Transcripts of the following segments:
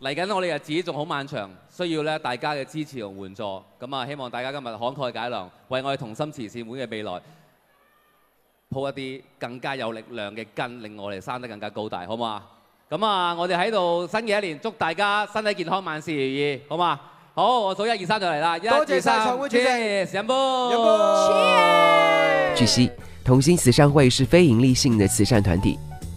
嚟緊，我哋日子仲好漫長，需要咧大家嘅支持同援助。咁啊，希望大家今日慷慨解囊，為我哋同心慈善會嘅未來鋪一啲更加有力量嘅根，令我哋生得更加高大，好唔好啊？咁啊，我哋喺度新嘅一年，祝大家身體健康，萬事如意，好嘛？好，我數一二三就嚟啦！1, 多謝晒 2, 3，創會主席，飲杯。飲杯。Cheers！據悉，同心慈善會是非盈利性嘅慈善團體。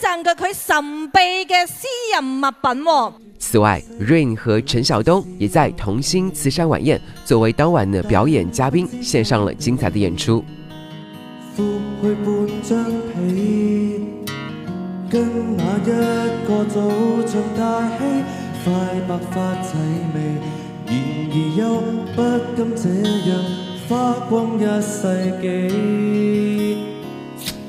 捐贈嘅佢神秘嘅私人物品，哦。此外，Rain 和陳曉東也在同芯慈善晚宴作為當晚的表演嘉賓，獻上了精彩的演出。